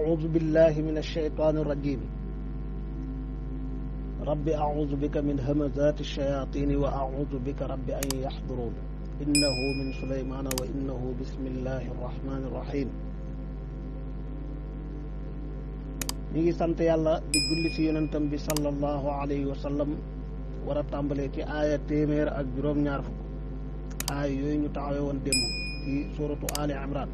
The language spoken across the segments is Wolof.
أعوذ بالله من الشيطان الرجيم رب أعوذ بك من همزات الشياطين وأعوذ بك رب أن يحضرون إنه من سليمان وإنه بسم الله الرحمن الرحيم نيجي سنت يلا دي جل سيونان تنبي صلى الله عليه وسلم ورب تنبليك آية تيمير أجروم نعرف آية يوين تعويون ديمو في سورة آل عمران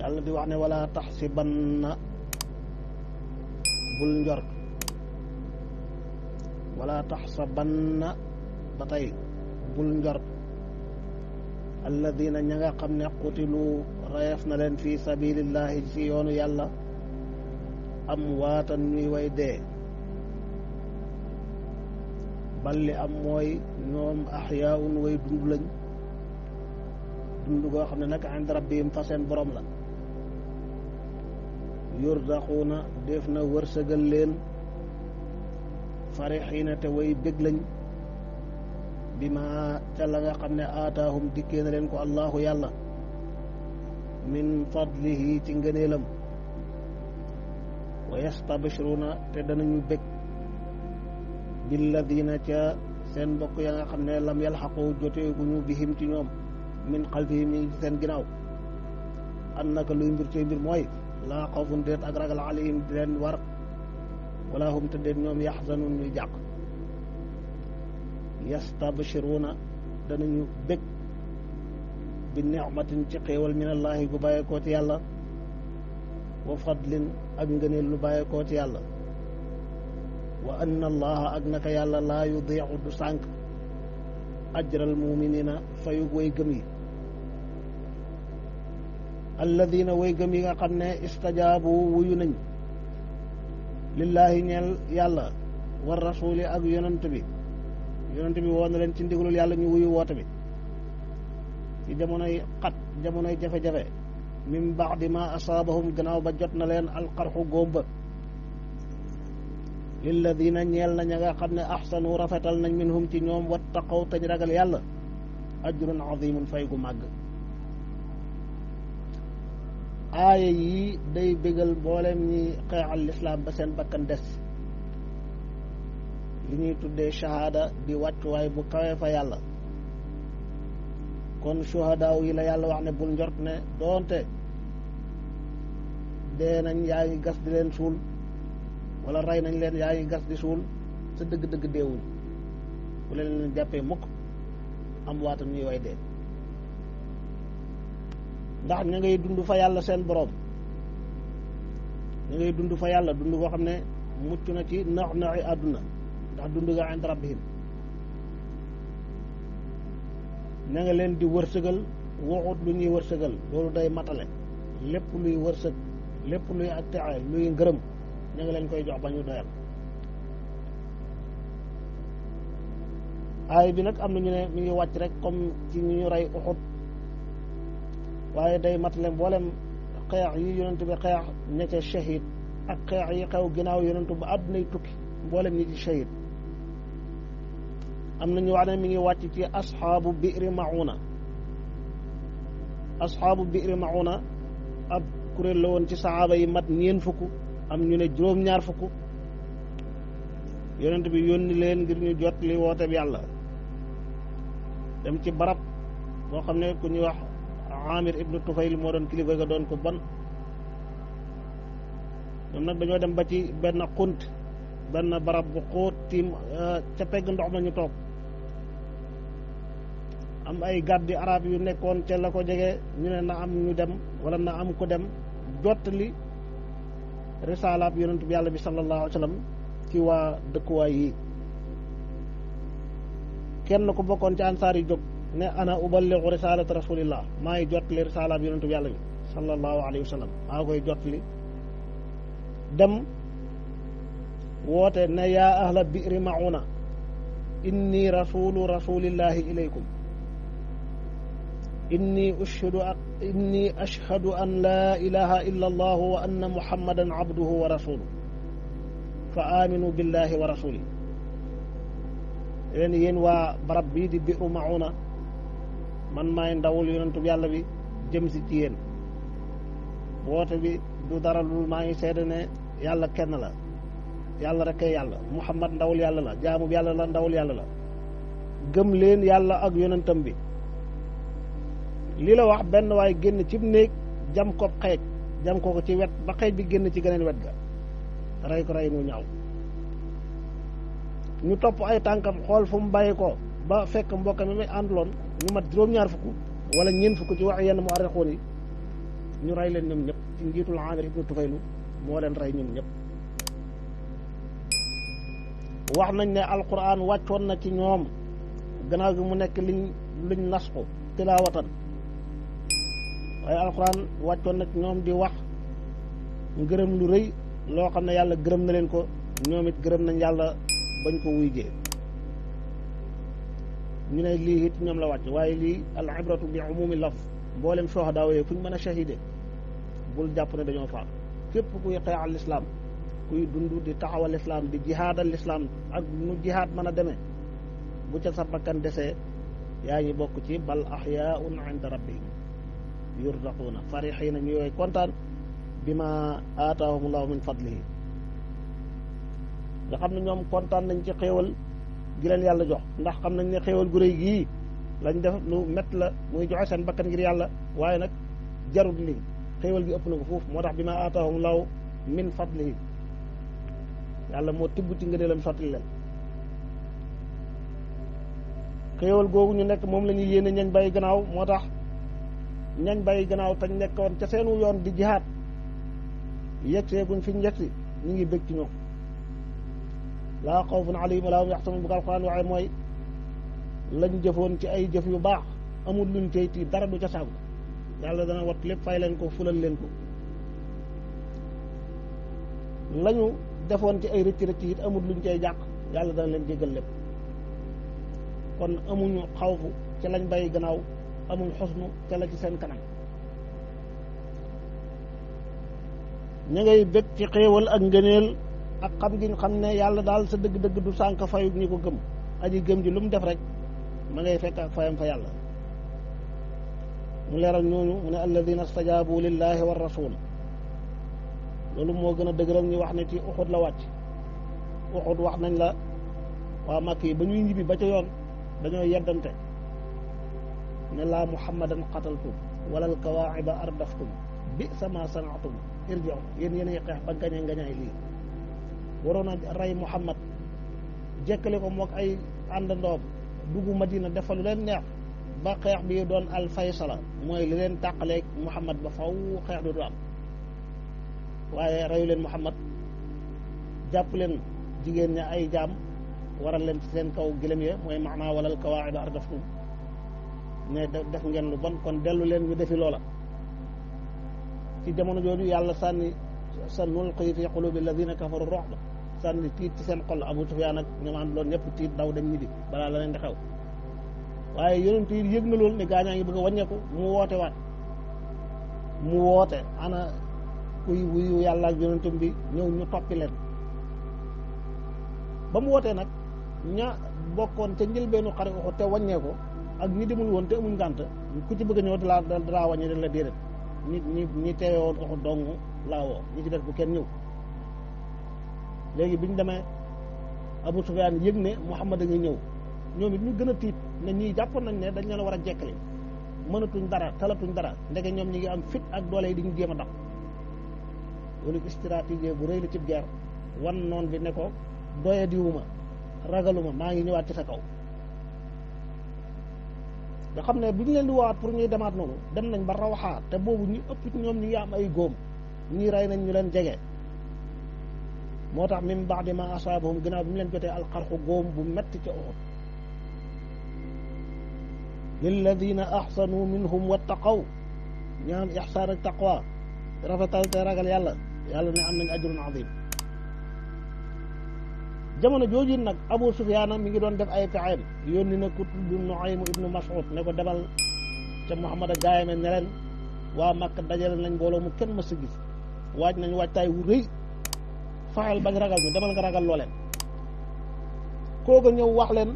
yalla di wax ne wala tahsibanna bul ndor wala tahsabanna batay bul ndor alladheena ña nga xamne qutilu rayef na len fi sabilillahi fi yoonu yalla am waatan ñuy way de balli am moy ñoom ahyaun way dund lañ dund go xamne nak and rabbihim fa borom la يرزقون دفنا ورسقل لين فرحين توي بقلن بما تلغى قمنا آتاهم دكين لينكو الله يلا من فضله تنغنيلم ويستبشرون تدن نبك بالذين تا سن بوك يا خمنا لم يلحقوا جوتي غنو بهم تي من قلبهم سن غناو انك لو مبير تي موي لا خوف ديت اك العليم عليهم دين ورق ولا هم تدين نيوم يحزنون ني يستبشرون دان نيو بك بالنعمه تي خيول الله غو بايكو تي وفضل اك غني لو بايكو وان الله اجنك يالا لا يضيع دسانك اجر المؤمنين فيغوي جميل الذين ويغم يغا استجابوا ويو لله نيل يالا والرسول اك يونتبي يونتبي وون لن سي ديغول يالا ني ويو ووتبي في جمونه قد جمونه جفه جفه من بعد ما اصابهم غناو با جوتنا لين القرح غومبا للذين نيل نا نيغا خن احسنوا رفتل نان منهم تي نيوم واتقوا تني يالا اجر عظيم فايغو ماغ aaya yi day bégal mboolem ñi xeexal lislaam ba seen bakkan des li ñuy tuddee shahaada di wàccuwaay bu kawee fa yàlla kon shuhadaaw yi la yàlla wax ne bul njort ne doonte dee nañ yaa ngi gas di leen suul wala rey nañ leen yaa ngi gas di suul sa dëgg-dëgg deewuñ bu leen leen jàppee mukk am waatan ñuy way dee ndax ña ngay dund fa yàlla seen boroom ña dund fa yàlla dund koo xam ne mucc na ci nax naxi àdduna ndax dund nga ind rabbihim ña nga leen di wërsëgal waxut lu ñuy wërsëgal loolu day matale lépp luy wërsëg lépp luy ak texe luy ngërëm ña nga leen koy jox ba ñu doyal aay bi nag am na ñu ne ñu ngi wàcc rek comme ci ñu ñu rey uxut waaye day matale mboolem xeex yi yonentu bi xeex ña ca shahid ak xeex yi xew ginaaw yonentu ba aduna tukki mbolem ñi ci shahid am na ñu wax ne mi ngi wàcc ci ashabu biiri mauna ashabu biiri mauna ab kurel la woon ci saxaaba yi mat ñeen fukk am ñu ne juróom-ñaar fukk yonent bi yónni leen ngir ñu jot li woote bi yàlla dem ci barab boo xam ne ku ñuy wax amir ibnu Tufail mo don kilifa ga don ko ban ñom nak dañu dem ba ci ben xunt ben barab bu xóot ci euh, ca pegg ndox ma ñu tok am ay gardi arab yu nekkon ci la ko jégué ñu né na am ñu dem wala na am ko dem jottali risaalaab yaronte bi yalla bi sallallahu alaihi wasallam ci wa dekk dëkkuwaay yi kenn ko bokkon ci ansaar yi ne ana uballigu risalat rasulillah may jotli risala bi yonentu yàlla bi sallallahu alayhi wasallam sallam koy jotli dem wote ne ya ahla bi'ri mauna inni rasulu rasulillahi ilaykum inni ashhadu inni ashhadu an la ilaha illa allah wa anna muhammadan abduhu wa rasuluhu fa aminu billahi wa rasulihi leen yen wa barab bi di bi'ru mauna man maay ndawul yonentu yàlla bi jëm ci yéen woote bi du dara lu maa ngi seede ne yàlla kenn la yàlla rek ay yàlla muhammad ndawul yàlla la jaamu yàlla la ndawul yàlla la gëm yàlla ak yonentam bi lii la wax benn waaye génn cib néeg jam ko xeej jam ko ci wet ba xeej bi génn ci geneen wet ga rey ko rey mu ñaaw ñu topp ay tànkam xool fu mu bàyyi ko ba fekk mbokk mi may ànduloon ñu mat juróom-ñaar fukk wala ñeent fukk ci wax yenn mu arrixoon yi ñu rey leen ñoom ñëpp ci njiitul Amir ibnu Tufaylu leen rey ñoom ñëpp wax nañ ne alxuraan wàccoon na ci ñoom gannaaw gi mu nekk liñ luñ nas ko tilaawatan waaye alquran wàccoon na ci ñoom di wax ngërëm lu rëy loo xam ne yàlla gërëm na leen ko ñoom it gërëm nañ yàlla bañ ko wuy jee ñu ne lii it ñoom la wàcc waaye lii al ibratu bi umumi laf mboolem soxdaaw yooyu fu ñu mën a shahide bul jàpp ne dañoo faatu képp kuy xeex al islam kuy dund di taxawal islam di jihaadal islam ak nu jihaad mën a demee bu ca sa bakkan desee yaa ngi bokk ci bal ahyaun inda rabbi yurzaquuna farixiina ñu yooy kontaan bi ma aataahum allahu min fadlihi nga xam ne ñoom kontaan nañ ci xéewal gi yàlla jox ndax xam nañ ne xéewal gu réy gii lañ def lu met la muy joxe seen bakkan ngir yàlla waaye nag jarul lii xéewal gi ëpp na ko foofu moo tax bi ma aataahum laaw min fadlihi yàlla moo tibb ci ngëneelam sotti leen xéewal googu ñu nekk moom la ñuy yéene ñañ bàyyi ganaaw moo tax ñañ bàyyi gannaaw tañ nekkoon ca seenu yoon di jihaat yegg seeguñ fi ñu yegg si ñu ngi bég ci ñoom لا خوف عليهم ولا هم يحزنون بقال قران وعي موي لا نجفون تي اي جف يو باخ امول لون تي تي دار دو تاساو يالا دا وات ليب فاي لين كو فولال لين كو لا نيو دافون تي اي ريتي ريتي تي امول لون تي جاك يالا دا لين ديغال ليب كون امو نيو خوف تي لا نباي غناو امو حزن تي لا تي سن كانام نيغي بك تي خيوال اك غنيل ak xam gi ñu xam ne yàlla daal sa dëgg-dëgg du sànq fayu ñi ko gëm aji gëm ji lu mu def rek ma ngay fekk ak fayam fa yàlla mu leeral ñooñu mu ne alladina stajaabu lillahi wa rasul loolu moo gën a dëgëral ñu wax ne ci uxut la wàcc uxut wax nañ la waa màkk yi ba ñuy ñibbi ba ca yoon dañoo yeddante ne laa muhammadan qataltum wala alkawaaciba ardaftum bi sama sanaatum irjaw yéen yéenay xeex ba gañe ngañaay lii Warahmatullahi wabarakatuh. Muhammad jekkale ko mook ay àndandoom dugg Madina defal neex ba bi al faysala mooy li Muhammad ba faw xeex du am waaye reyu leen Muhammad jàpp leen jigéen ña ay jaam waral leen seen kaw gilem ya mooy maanaa walal kawaaida ardaftum ne def ngeen lu bon kon ñu defi ci qulubi kafaru ru'ba sànni tiit ci seen xol Abu Sufyaan ak ñoom loolu ñëpp tiit daw dem ñibbi balaa la leen di xew waaye yonent yi yëg na loolu ne gaañaa ngi bëgg a wàññeeku mu woote waat mu woote ana kuy wuyu yàlla ak yonentam bi ñëw ñu toppi leen ba mu wootee nag ña bokkoon ca njëlbeenu xare ko te wàññee ko ak ñi demul woon te amuñ gànt ku ci bëgg a ñëw dalaa dalaa la déedéet ñi ñi ñi teewoon ko dong laawoo ñi ci def bu kenn ñëw léegi bi ñu demee Abu Sufyaan yëg ne Muhammad a ngi ñëw ñoom it ñu gën a tiit ne ñii jàppoon nañ ne dañ leen war a jekkale mënatuñ dara talatuñ dara ndeke ñoom ñi ngi am fit ak doole yi di ñu jéem a dab loolu stratégie bu rëy la ci guerre wan noon bi ne ko doye diwuma ragaluma maa ngi ñëwaat ci sa kaw nga xam ne bi ñu leen di woowaat pour ñuy demaat noonu dem nañ ba rawaxaa te boobu ñu ëpp ñoom ñi ngi am ay góom ñii rey nañ ñu leen jege moo tax min ba'di ma asaabahum gannaaw bi mu leen jotee alxarxu góom bu metti ca Uhud lilladina ahsanu minhum wattaqaw ñaam ihsaan ak taqwa rafetal te ragal yàlla yàlla ne am nañ ajrun azim jamono jooju nag Abu Sufyaan mi ngi doon def ay pexeem yónni na ku tudd Nuaym ibnu Mas'ud ne ko demal ca Muhammad a gaayame ne leen waa Makka dajale nañ mbooloo mu kenn mës a gis waaj nañ waajtaay wu rëy faxel bañ ragal ñu demal nga ragal looleen kooku ñëw wax leen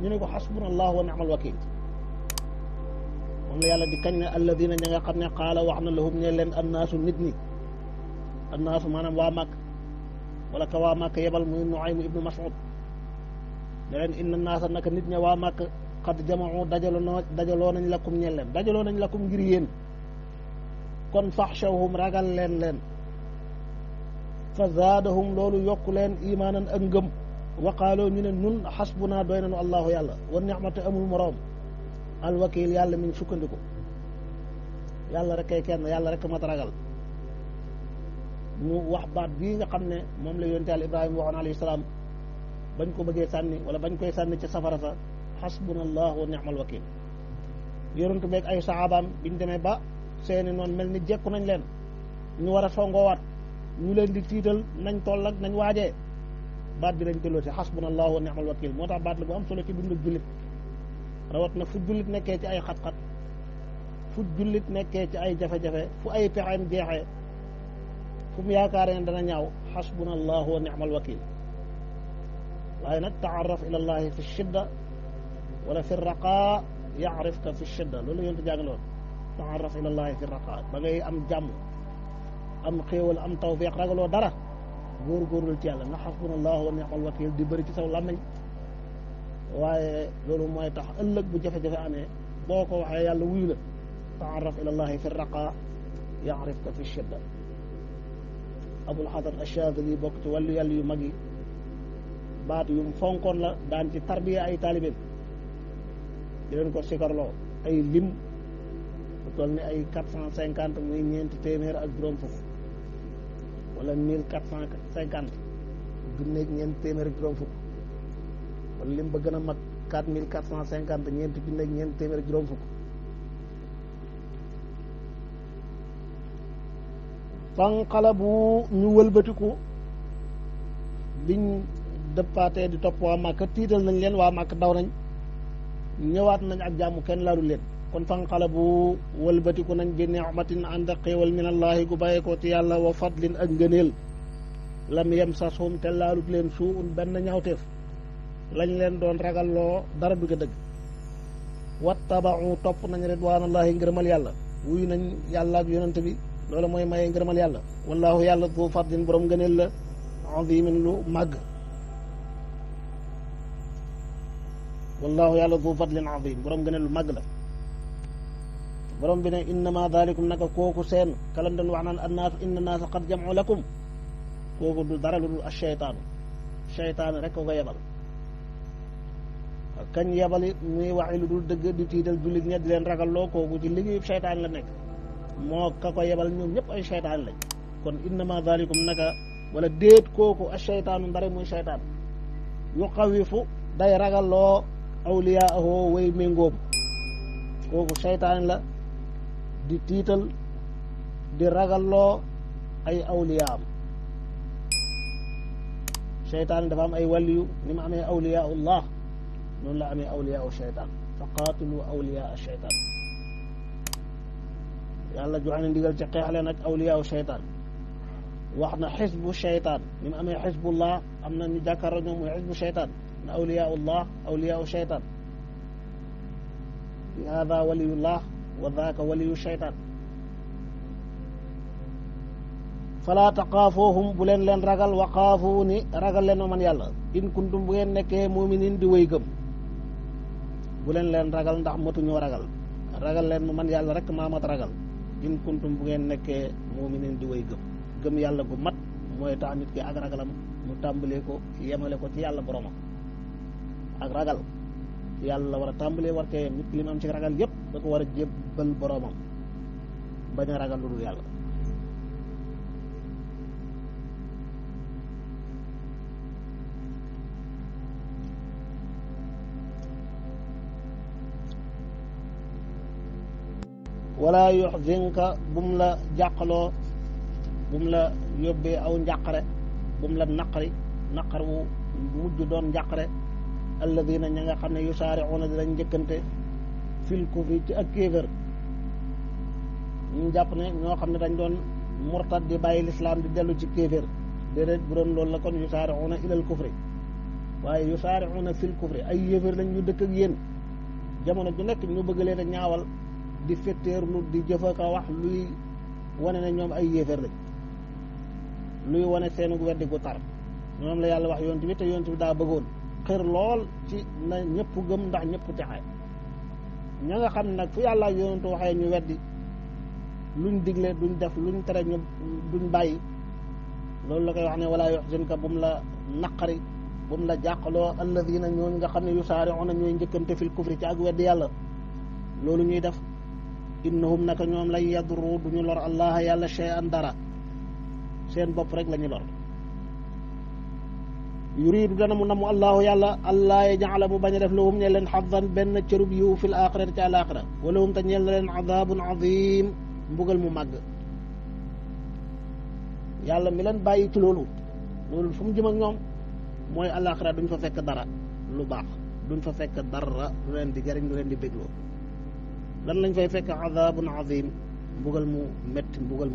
ñu ne ko xasbunallahu wa ni'mal wakil moom la yàlla di kañ ne alladina ña nga xam ne xaala wax na lahum ñe leen annaasu nit ñi annaasu maanaam waa màkk wala ka waa màkk yebal muy Nuaym ibnu Mas'ud ne leen inna naasa naka nit ña waa màkk xad jamau dajaloo dajaloo nañ lakum ñe leen dajaloo nañ lakum ngir yéen kon faxshawhum ragal leen leen fa zaadahum loolu yokk leen imaanan ak ngëm waqaaloo ñu ne nun xasbunaa doy nañu allahu yàlla wa nicmatu amul moroom alwakiil yàlla mi ngi sukkandiku yàlla rek kay kenn yàlla rek ma ragal mu wax baat bii nga xam ne moom la yonent yàlla wa waxoon alayhi salaam bañ ko bëggee sànni wala bañ koy sànni ca safara sa xasbuna allah wa ni'mal wakiil yonentu beeg ay saxaabaam biñ demee ba seeni noonu mel ni jekku nañ leen ñu war a songoowaat ñu leen di tiital nañ toll ak nañ waajee baat bi lañ delloo si xasbunallahu wa ni'mal wakil moo tax baat la bu am solo ci dundu jullit rawat na fu jullit nekkee ci ay xat-xat fu jullit nekkee ci ay jafe-jafe fu ay pexeem jeexee fu mu yaakaaree ne dana ñaaw xasbunallahu wa ni'mal wakil waaye nag taarraf ila allahi fi shidda wala fi raqa yaarifka fi shidda loolu yontu jàngaloon taarraf ila allahi fi raqa ba ngay am jàmm am xewal am tawfiq ragalo dara góorgóorlu ci yàlla na ndax allah wa ni'mal wakeel di beuri ci saw làmmiñ waye lolu moy tax ëllëg bu jafe-jafe amé boko waxé yàlla wuyu la taaraf ila allah fi raqa ya'rifka fi shidda abul hadar ashad li ci wàllu yàlla yu magi baat yu fonkon la dan ci tarbiya ay taalibeem di len ko sikarlo ay lim tolni ay 450 muy ñent témèr ak juróom fofu wala 1450 junneeg ñeent téeméer ak juroom fukk wala lim ba gëna mag 4450 ñeent junneeg ñeent téeméer ak juroom fukk fanqalabu ñu wëlbatiku biñ dëppaatee di top wa makka tital nañ leen wa makka daw nañ ñëwaat nañ ak jaamu kenn laalu leen kon fanqalabu walbatiku walbati bi nicmatin ni'matin anda qawl min allah gu bàyyeekoo ci yàlla wa fadlin ak ngeenel lam yem sasum te suun ben ñaawteef lañ don ragal lo dara du ge deug wattabaxu top nañ allah ngërëmal yalla wuy nañ yalla ak yonent bi loolu moy maye ngërëmal yalla wallahu yalla bu fadlin borom ngeenel la azimin lu mag. wallahu yalla bu fadlin azim borom ngeenel lu mag la borom bi ne innama dalikum naka kooku seen kalan doon wax naan annaas inna naasa qad jamcu lakum kooku du dara lu dul ak cheytaanu cheytaan rek ko ko yebal kañ yebali muy waxi lu dul dëgg di tiital jullit ña di leen ragalloo kooku ci liggéeyu cheytaan la nekk moo ka ko yebal ñoom ñëpp ay cheytaan lañ kon innama dalikum naka wala déet kooku ak cheytaanu ndare muy cheytaan yu xawifu day ragalloo awliyaahu way méngóom kooku cheytaan la di tiital di ragalloo ay awliyaam cheytaan dafa am ay waliyu ni mu amee awliyaullah noonu la amee awliyaa cheytaan fa qaatilu awliyaa cheytaan yàlla joxe na ndigal ci xeex leen ak awliyaa cheytaan wax na xisbu cheytaan ni mu amee xisbullah am na ñu jàkkaarloo ñoom mooy xisbu cheytaan na awliyaullah awliyaa cheytaan li hada waliyullah wa daaka waliyu shaytaan falaa taqaafoohum bu leen leen ragal wa xaafuu ni ragal leen ma man yàlla in kuntum bu ngeen nekkee muminin di wéy gëm bu leen leen ragal ndax matuñoo ragal ragal leen ma man yàlla rek maa mat ragal in kuntum bu ngeen nekkee muminin di wéy gëm gëm yàlla gu mat mooy tax nit ki ak ragalam mu tàmbalee ko yemale ko ci yàlla boromam ak ragal yalla wara war war cee nit ki li mu am ci ragal yépp da ko wara a boromam baña ragal lu yalla wala yuhzinka bum la jàqaloo bum la yóbbee aw njaqare bum la naqari naqar wu mujj doon njàqare alladina ña nga xam ne saare yusaariuuna dinañ njëkkante fil kufri ci ak kéefër ñu jàpp ne ñoo xam ne dañ doon murtad di bàyyi lislaam di dellu ci kéefër déedéet bu doon loolu la kon yusaariuuna ilal kufri waaye na fil kufri ay yéefër lañ dëkk ak yéen jamono ju nekk ñu bëgg leen ñaawal di fetteerlu di jëf ak a wax luy wane na ñoom ay yéefër lañ luy wane seenu weddi gu tar ñoom la yàlla wax yonent bi te yonent bi daa bëggoon xër lool ci na ñëpp gëm ndax ñëpp texe ña nga xam nag fu yàlla ak yonentu waxee ñu weddi luñ digle duñ def luñ tere ñu duñ bàyyi loolu la koy wax ne wala yuhzunka bu mu la naqari bu la jàqaloo alladina nga xam ne yusaari'una ñooy njëkkante fil kufri ci ak weddi yàlla loolu ñuy def innahum naka ñoom lay yadru duñu lor allah yàlla shay'an dara seen bopp rek la ñu lor يريد دنا من الله يلا الله يجعل مو بني رف لهم يلن حظا بين تشرب يو في الآخرة تاع الآخرة ولهم تنيل لن عذاب عظيم مبغل مو يلا ملن باي تلولو لول فم جم نيوم الآخرة دون فا دارا لو دون فا دارا لين دي لين دي بيغلو لن عذاب عظيم مبغل مو مت مبغل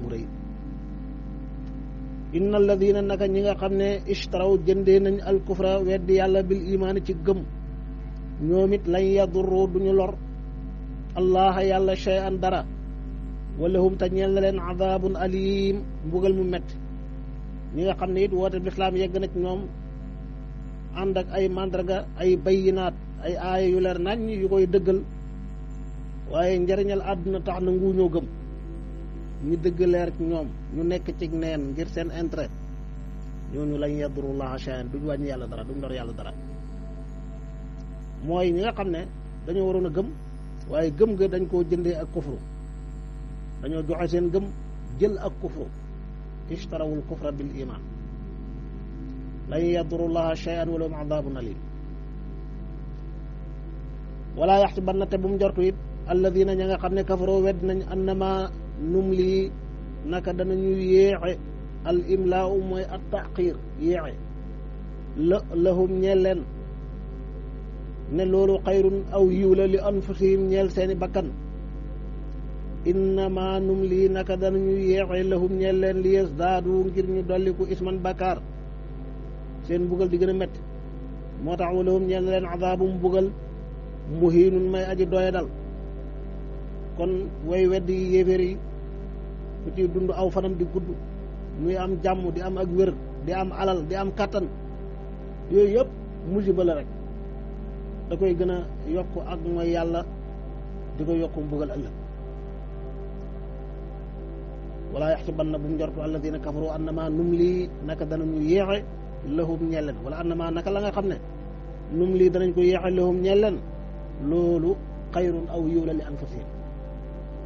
inna alladina naka ñi nga xam ne ishtaraw jëndee nañ alkufra weddi yàlla bil imaan ci gëm ñoom it lañ yadurru duñu lor allaha yàlla shay'an dara wala hum te ñeel na leen adabun alim mbugal mu metti ñi nga xam ne it woote lislaam yegg na ci ñoom ànd ak ay mandarga ay bayinaat ay aaya yu leer nañ yu koy dëggal waaye njariñal àdduna tax na nguuñoo gëm ñu dëgg leer ñoom ñu nekk ci neen ngir seen intérêt ñooñu lañ yadru la shay'an duñ wàññi yàlla dara duñ lor yàlla dara mooy ñi nga xam ne dañoo waroon a gëm waaye gëm nga dañ koo jëndee ak kufru dañoo joxe seen gëm jël ak kufru ishtarawul kufra bil iman lan yadrullaha shay'an wa lahum adabun alim wala yaxsibanna te bu mu jortu it alladina ña nga xam ne kafaroo wedd nañ annama numli naka danañu yeexe al imlaau mooy at taqir yeexe la lahum ñeel leen ne loolu xayrun aw yiw la li anfusihim ñeel seeni bakkan innama numli naka danañu yeexe lahum ñeel leen li yasdaadu ngir ñu dolliku isman bakar, seen bugal di gën a metti moo tax walahum ñeel leen bugal muhiinun may aji doyadal dal kon woy wedd yi yéeféer yi ku ci dund aw fanam di gudd muy am jàmm di am ak wér di am alal di am kàttan yooyu yëpp musiba la rek da koy gën a yokk ak mooy yàlla di ko yokk mbugal ëllëg walaa yaxsabanna bu mu njortu alladina kafaru annama num lii naka danañu yéexe lahum ñelleen wala annama naka la nga xam ne num lii danañ ko yéexe lahum ñelleen loolu xayrun aw yiw la li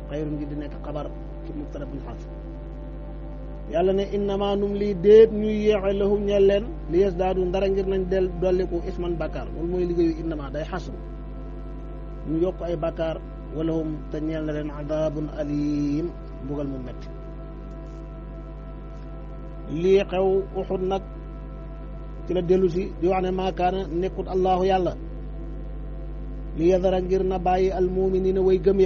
خير جدا كقبر في مطرب الحاس يالا ني انما نملي ديت ني يعله نيلن ليس دادو ندار غير نان دل دوليكو اسمان بكار مول موي ليغي انما داي حاسو ني يوك اي بكار ولهم تنيل لن عذاب اليم بوغال مو مت لي خاو احد نك تي لا ديلوسي دي واخني ما كان نيكوت الله يالا ليذر غيرنا باي المؤمنين وي گم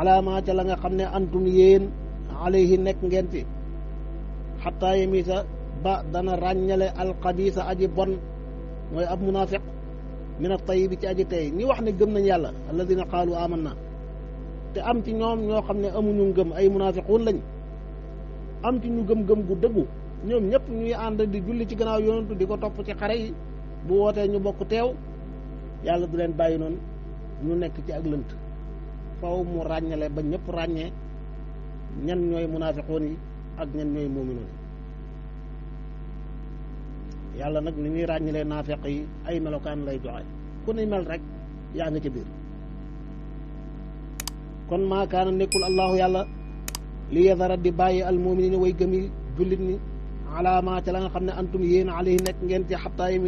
alaamaa ca la nga xam ne antum yéen alayhi nekk ngeen ci xataa yemisa ba dana ràññale alxabiisa aji bon mooy ab munaafiq min a tayib ci aji tey ñi wax ne gëm nañ yàlla alladina qaalu aman na te am ci ñoom ñoo xam ne amuñu ngëm ay munaafiquun lañ am ci ñu gëm-gëm gu dëggu ñoom ñëpp ñuy ànd di julli ci gannaaw yonantu di ko topp ci xare yi bu wootee ñu bokk teew yàlla du leen bàyyi noonu ñu nekk ci ak lënt faw mu ràññale ba ñëpp ràññee ñan ñooy munaafiqoon yi ak ñan ñooy muuminoon yàlla nag ni muy ràññalee naafeq yi ay melokaan lay joxe ku ni mel rek yaa nga ca biir kon maakaana nekkul allahu yàlla li yadara di bàyyi almuminina way gëm yi jullit ni alaama ca la nga xam antum yéen alayhi nekk ngeen ci xabtaa yi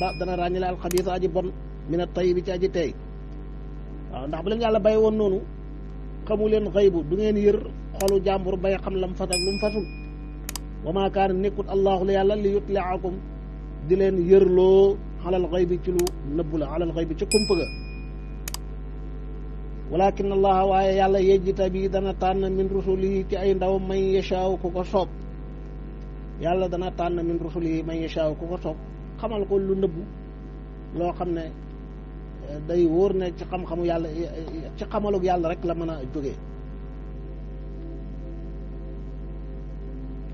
ba dana ràññale alxabiisa aji bon min a tayyibi ci aji tey waaw ndax bu leen yàlla bay woon noonu xamu leen xaybu du ngeen yër xolu jàmbur bay xam lam fas ak lu mu fasul wa maa kaana nekkut allaahu la yàlla li yutlaakum di leen yërloo alal xaybi ci lu nëbbu la alal xaybi ci kumpa ga walakin allah waaye yàlla yejjita bi dana tànn min rusulihi ci ay ndaw man yashaaw ku ko soob yàlla dana tànn min rusulihi man yashaaw ku ko soob xamal ko lu nëbbu loo xam ne day wóor ne ci xam-xamu yalla ci xamalu yalla rek la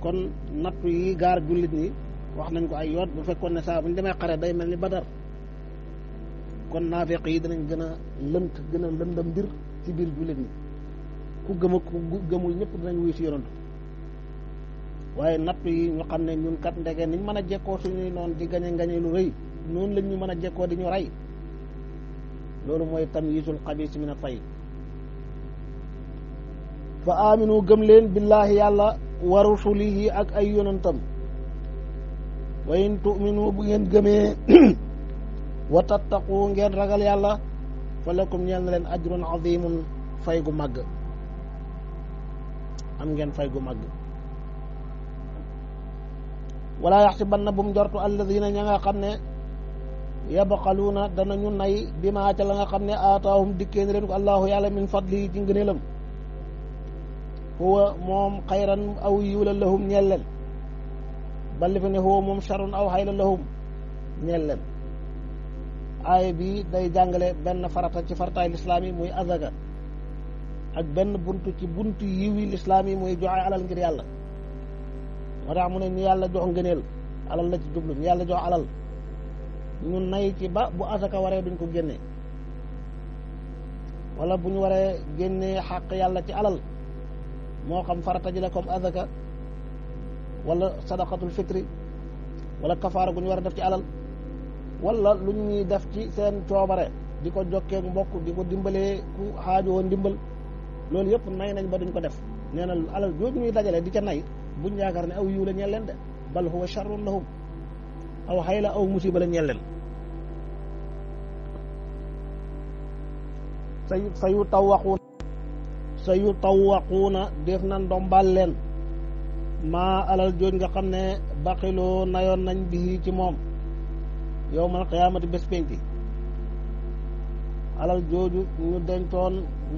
kon napi yi gar julit ni wax nañ ko ay yoon bu fekkone ne sa buñ day melni badar kon naafeq yi danañ gëna leunt gëna sibir bir ci bir julit ni ku gëm ak ku gëmul ñëpp dinañ wuy ci yoonu waye nattu yi ñu xamne ñun kat ndege niñ mëna a suñu non di gañe gañe lu reuy non lañ ñu mëna a di ñu ray loolu mooy tamyiizul xabiis min at-tayyib fa aminu gëm leen billaahi yàlla wa rusulihi ak ay yonantam wa in tu'minu bu ngeen gëmee wa tattaqu ngeen ragal yàlla fa lakum ñeel na leen ajrun azimun fay gu màgg am ngeen fay gu màgg wala yaxsibanna bu mu jortu alladina ña nga xam ne yabxaluuna danañu nay bi maa ca la nga xam ne aataahum dikkee ni leen ko allaahu yàlla min fadli ci ngëneelam huwa moom xayran aw yiwla lahum ñelleen balli fi ne huwa moom charun aw xayla lahum ñelleen aaya bi day jàngale benn farata ci farataay lislaam yi muy azaga ak benn buntu ci buntu yiwi lislaam yi muy joxe alal ngir yàlla moo tax mu ne ñu yàlla jox ngëneel alal la ci jublu ñu yàlla jox alal ñu nay ci ba bu asaka waree duñ ko génnee wala bu ñu waree génnee xàq yàlla ci alal moo xam farata ji la comme asaka wala sadaqatul fitri wala kafaara gu ñu war a def ci alal wala lu ñuy def ci seen coobare di ko jokkee mbokk di ko dimbalee ku xaajowoo ndimbal loolu yëpp nay nañ ba duñ ko def nee na alal jooju ñuy dajale di ca nay buñ yaakaar ne aw yiw la ñeen leen de bal huwa sharrun lahum aw xay la aw musiba la ñelleel sa yu sa yu tawwaquuna sa yu def na ndombal leen maa alal jooj nga xam ne baqiloo nayoon nañ bi ci moom yow man xiyaamati bés pénc alal jooju ñu dencoon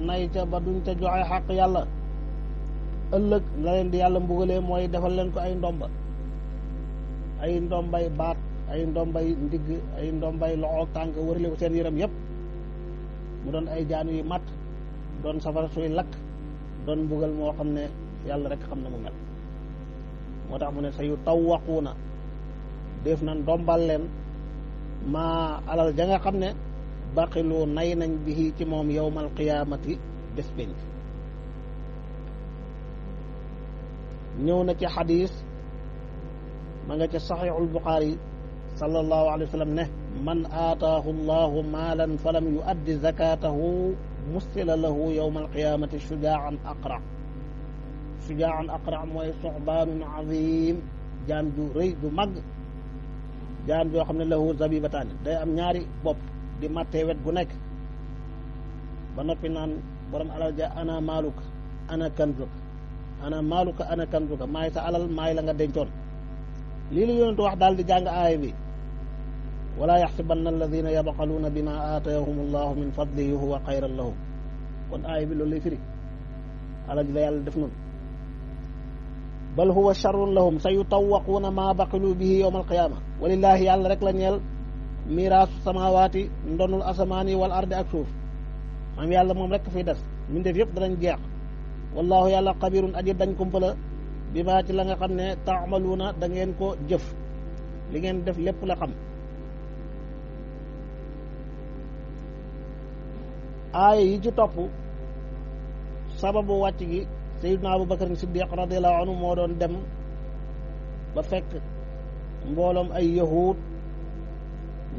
nay ca ba duñ ca joxe xàq yàlla ëllëg la leen di yàlla mbugalee mooy defal leen ko ay ndomba ay ndombay baat ay ndombay ndigg ay ndombay loxo tànk wërale seen yaram yëpp mu doon ay jaan yu matt doon safara suy lakk doon mbugal moo xam ne yàlla rek xam na mu mel moo tax mu ne sa yu taw waquuna def na ndombal leen maa alal ja nga xam ne baqilu nay nañ bi ci moom yowmal qiyaamati bés penc ñëw na ci xadis من صحيح البخاري صلى الله عليه وسلم نه من آتاه الله مالا فلم يؤد زكاته مثل له يوم القيامة شجاعا أقرع شجاعا أقرع موي صحبان عظيم جان جو ري جو مغ جان جو خمنا له زبيبتان داي أم نياري بوب دي ما تيوت بنك بنوبي نان برم على جا أنا مالك أنا كنزك أنا مالك أنا كنزك ما يسألل ما يلنغا دينجون lii la yonentu wax daal di jàng aaya bi walaa yaxsibanna alladina yabxaluuna bima aatayahum allahu min fadlihi huwa xayran lahum kon aaya bi loolu lay firi alal ji la yàlla def noonu bal huwa charrun lahum sa yutawaquuna maa baqilu bihi yowma alqiyaama walillaahi yàlla rek la ñeel miraasu samawaati ndonul asamaan yi wal ardi ak suuf maam yàlla moom rek fiy des min def yëpp danañ jeex wallahu yàlla xabirun aji dañ kumpala bi maa ci la nga xam ne taamaluuna da dangeen ko jëf li ngeen def lépp la xam aaya yi ci topp sababu wàcc gi sayidna abu bakar siddiq radiallahu anhu moo doon dem ba fekk mbooloom ay yahuud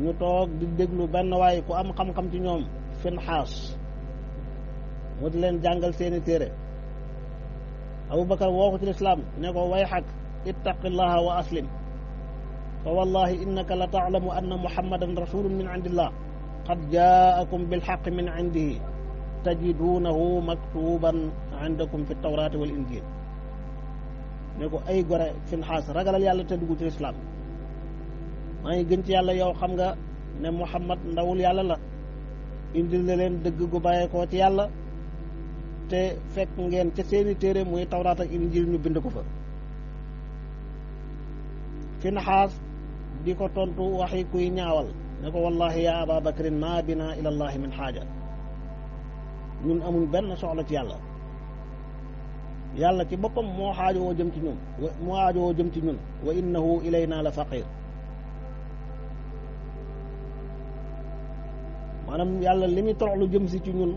ñu toog di déglu benn waaye ku am xam-xam ci ñoom fin xaas mu di leen jàngal seeni téere ابو بكر ووقت في الاسلام نقول ويحك اتق الله واسلم فوالله انك لتعلم ان محمدا رسول من عند الله قد جاءكم بالحق من عنده تجدونه مكتوبا عندكم في التوراه والانجيل نيكو اي غور في نحاس رجل يالله تدغو في الاسلام ما غنت يالله يو خمغا ن محمد ندول يالله لا اندل لين دغ غو بايكو تي يالله te fekk ngeen ca seeni téere muy tawraat ak injil ñu bind ko fa finxaas di ko tontu waxi kuy ñaawal ne ko wallahi ya aba bakrin ma bina ila allahi min xaaja ñun amul benn soxla ci yàlla yàlla ci boppam moo xaajowoo jëm ci ñun moo xaajowoo jëm ci ñun wa innahu ilayna la faqir maanaam yàlla li muy toroxlu jëm si ci ñun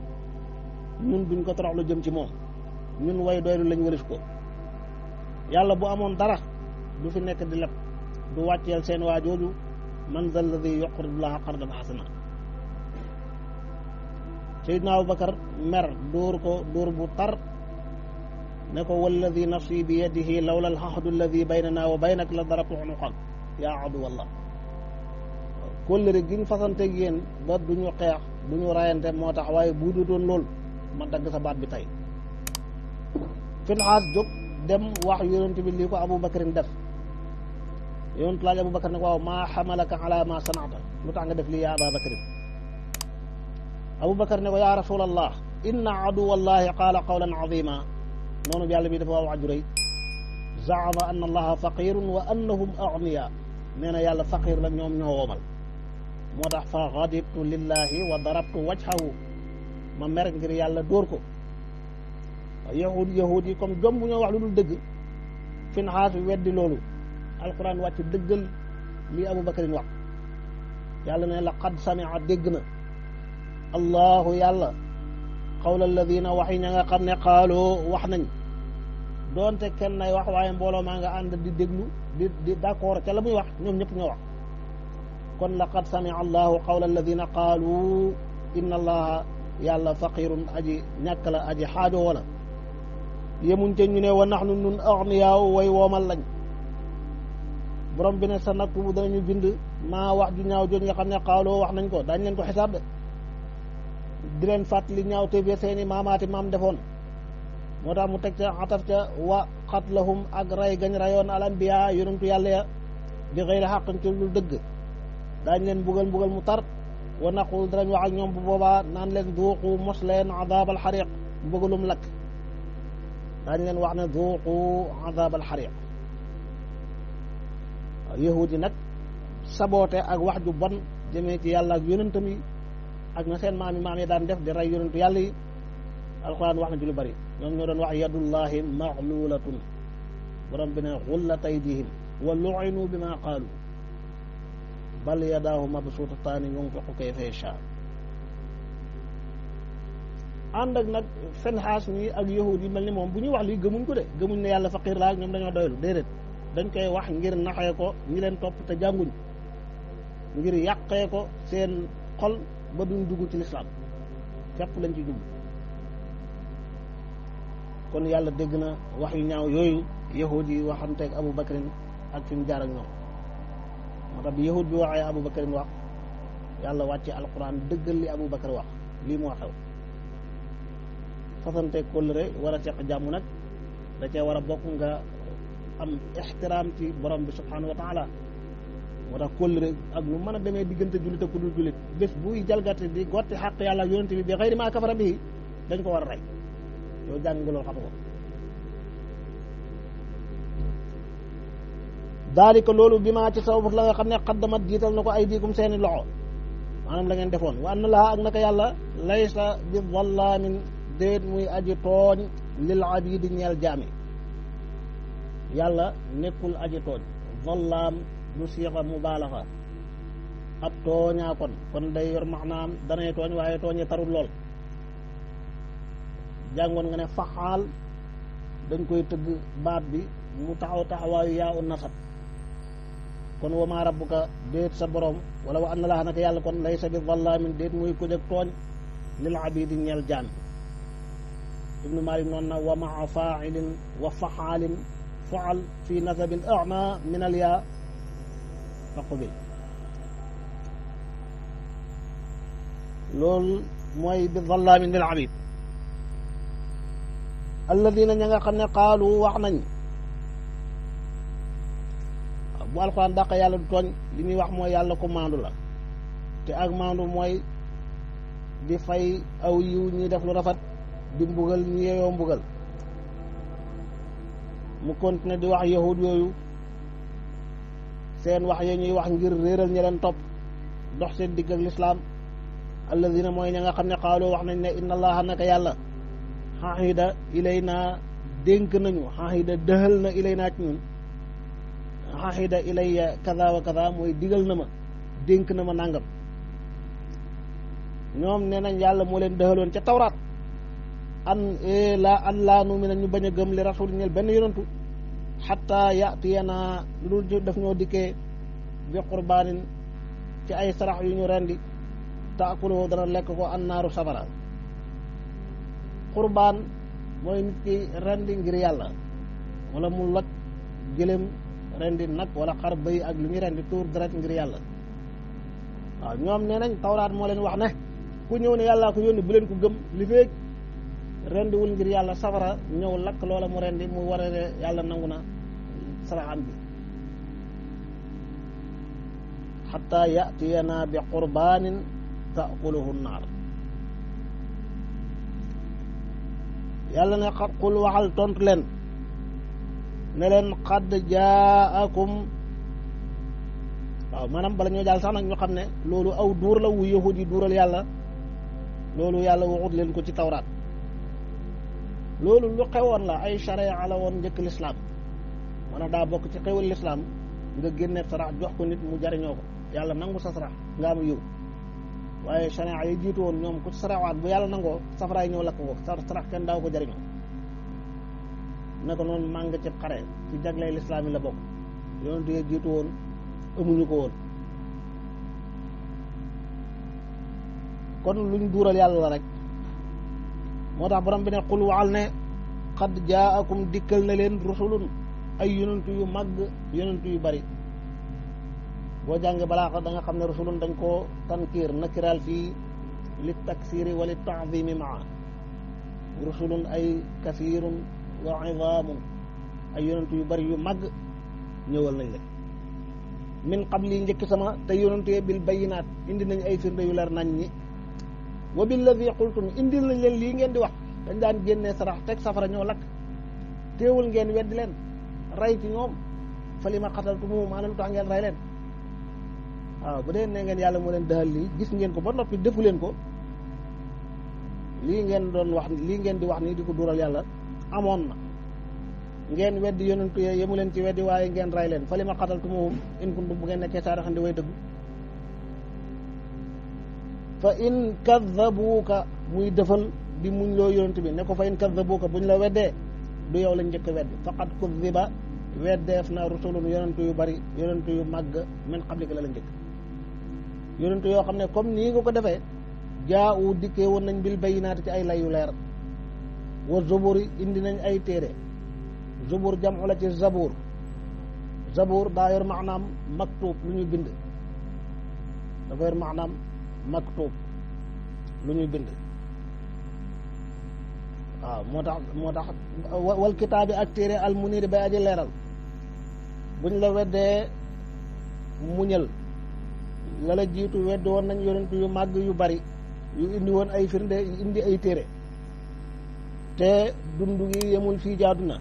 ñun duñ ko torox lu jëm ci moom ñun way doylu lañ wërif ko yàlla bu amoon dara du fi nekk di leb du wàcceel seen waa jooju man zal ladi yuqridullaha qardan hasana Seydina Abubakar mer dóor ko dóor bu tar ne ko walladi nafsi bi yadihi lawla alxahdu alladi baynana wa baynak la darabtu unuqak yaa aduwallah kóllëre gi ñu fasanteeg yéen ba du ñu xeex du ñu rayante moo tax waaye bu du loolu ma dagg sa baat bi tey Finhaas jóg dem wax yonent bi lii ko Aboubacar def yonent laaj Aboubacar ne ko waaw maa xamalaka ala ma sanaata lu tax nga def lii yaa Ababacrin Aboubacar ne ko yaa rasulallah inna aduwallahi qaala qawlan azima noonu yàlla bi dafa wax wax ju rëy zaama anna allaha faqirun wa annahum agniya nee na yàlla faqir la ñoom ñoo woomal moo tax fa gadibtu lillahi wa darabtu wajhahu ma mer ngir yàlla dóor ko yahud yahud yi comme jom bu ñoo wax lu dul dëgg finxaas weddi loolu alquran wàcc dëggal li abu bakari wax yàlla ne laqad samia dégg na allahu yàlla qawla alladina wax ña nga xam ne xaaloo wax nañ doonte kenn nay wax waaye mbooloo maa nga ànd di déglu di di d' accord ca la muy wax ñoom ñëpp ñoo wax kon laqad samia allahu qawl alladina qaalu inna allaha yàlla faqirun aji ñàkk la aji xaajo wala yemuñ ca ñu ne wa naxnu nun agniyaaw way woomal lañ borom bi ne sa nakk bu danañu bind maa wax ju ñaaw jooj nga xam ne xaaloo wax nañ ko daañ leen ko xisaab de di leen fàttali ñaaw te biir seeni maamaati maam defoon moo tax mu teg ca ataf ca wa xatlahum ak ray gañ rayoon al anbiya yonentu yàlla ya bi xëyri xàqin ci lu dëgg daañ leen bugal bugal mu tar ونقول درن وعال نيوم بوبا نان لين ذوقو مسلين عذاب الحريق بقولم لك أن لين وعنا ذوقو عذاب الحريق يهودي نك سبوتي اك واحد بون جيمي تي يالا اك يونتمي اك نا سين مامي مامي دان ديف دي راي يونت يالي القران واخنا جولي بري نيوم نودون واخ يد الله مغلوله برام بن غلت ايديهم ولعنوا بما قالوا bal yadaahu mabsuutataani yunfiqu kayfa yashaa ànd ak nag seen xaas nii ak yahud yi mel ni moom bu ñuy wax lii gëmuñ ko de gëmuñ ne yàlla faqir laa ñoom dañoo doylu déedéet dañ koy wax ngir naxee ko ñi leen topp te jànguñ ngir yàqee ko seen xol ba duñ dugg ci lislaam képp lañ ci jublu kon yàlla dégg na wax yu ñaaw yooyu yahud yi waxanteeg Abu Bakrin ak fi mu jaar ak ñoom motax bi yahud bi waxee abou bakari wax yàlla wàcce alquran deugal li abou bakari wax li moo xew fasante ko war wara seq jàmm nak da cee wara bokku nga am ihtiram ci borom bi subhanahu wa taala moo ko kóllëre ak lu meuna deme demee diggante jullit ak dul julit def buy jalgate di gotti xàq yàlla ak yonente bi bi xëy ma kafara bi dañ ko wara ray yo yow jàng nga xam ko daalika loolu bi maa ci sababu la nga xam ne xaddamat jiital na ko ay diikum seeni loxo maanaam la ngeen defoon wa anna laha ak naka yàlla laysa bi wallaamin déet muy aji tooñ lil abidi ñeel jaami yàlla nekkul aji tooñ wallaam lu siixa mubaalaxa ab tooñaa kon kon day yor maanaam danay tooñ waaye tooñe tarul lool jàngoon nga ne faxaal dañ koy tëgg baat bi mu taxaw taxawaayu yaa nasab kon wama rabbuka déet sa borom wala wa anna laaha naka yàlla kon laysa bi dhallam déet muy ko def togn lil abid ñeel jaan ibnu malik non na wa maa faailin wa fa'al faal fi nasabil ama min al ya faqbil lol moy bi dhallam lil abid alladheena nga xamne qalu qaalu wax bu alxuraan dàq yàlla du tooñ li muy wax mooy yàlla ko maandu la te ak maandu mooy di fay aw yiw ñuy def lu rafet di mbugal ñu yeyoo mbugal mu continué di wax yahud yooyu seen wax ya ñuy wax ngir réeral ña leen topp dox seen digg ak lislaam alladina mooy ña nga xam ne xaaloo wax nañ ne inna allaha naka yàlla xahida ilay naa dénk nañu xahida dëhal na ilay naa ci ñun ahida ilayya kaza wa kaza mooy digal na ma dénk na ma nàngam ñoom nee nañ yàlla moo leen dëxaloon ca tawraat an eh, laa nu mi na ñu bañ a gëm li rasul ñel benn yonantu xatta yatiyanaa lu dul ju daf ñoo dikkee bi qurbaanin ci ay sarax yu ñu rendi taakuluhu dana lekk ko an naaru safara qurbaan mooy nit ki rendi ngir yàlla wala mu loj gëléem rendi nak wala xar bay ak lu ñuy rendi tour deret ngir yàlla wa ñom neenañ tawrat mo leen wax ne ku ñëw ne yalla ko yoni bu leen ko gëm li rendi wul ngir yàlla safara ñëw lak lola mu rendi mu war yàlla nanguna salaam bi hatta yatiyana bi qurbaanin taakuluhu nar yàlla ne qul wa hal tontu len ne leen xadd jaakum waaw maanaam bala ñoo jàll sax nag ñu xam ne loolu aw duur la wu yahud yi duural yàlla loolu yàlla waxut leen ko ci tawraat loolu lu xewoon la ay charia la woon njëkk lislaam maanaam daa bokk ci xewal lislaam nga génne sarax jox ko nit mu jariñoo ko yàlla nangu sa sarax nga am yiw waaye charia yi jiitu woon ñoom ku saraxaan bu yàlla nangoo safaraay ñëw lakk ko sarax kenn daaw ko jariñoo naka noonu màng ceeb xare ci jaglay lislaam yi la bokk yonent yi jiitu woon amuñu ko woon kon luñ duural yàlla la rek moo tax borom bi ne xul waxal ne xad jaakum dikkal na leen rusulun ay yonent yu màgg yonent yu bari boo jàngee balaa da nga xam ne rusulun dañ koo tankiir nakiral fii li taksiri wa li taadimi maa rusulun ay kasiirun wa idaamun ay yonentu yu bari yu màgg ñëwal nañ leen min qabli njëkk sama te yonentu yee bil bayinaat indi nañ ay firnde yu leer nañ ñi wa billadi qultum indi nañ leen lii ngeen di wax dañ daan génnee sarax teg safara ñoo lakk téewul ngeen weddi leen rey ci ñoom fa li ma xataltumuhum ana lu tax ngeen rey leen waaw bu dee ne ngeen yàlla moo leen daal lii gis ngeen ko ba noppi defu leen ko lii ngeen doon wax lii ngeen di wax nii di ko dural yàlla amoon na ngeen weddi yonentu yee yemu leen ci weddi waaye ngeen ray leen fa li ma xataltumuhum in kuntum bu ngeen nekkee saaraxandi way dëgg fa in kaddabuuka muy defal di muñ loo yonent bi ne fa in kaddabuuka buñ la weddee du yow lañ njëkk weddi faqad kuddiba weddeef na rusulun yonentu yu bari yonentu yu màgg min xablika la la njëkk yonentu yoo xam ne comme nii ko ko defee jaa u dikkee woon nañ bil bayinaati ci ay layu leer wa zuburi indi nañ ay téere zubur jam'u la ci zabur zabur daa yor maanaam maktub lu ñuy bind dafa waaw moo tax moo tax wal kitaabi ak téere al munir bay aji leeral buñ la weddee muñal la jiitu weddi woon nañ yonent yu màgg yu bari yu indi woon ay firnde yu indi ay téere te dundu gi yemul fi jaduna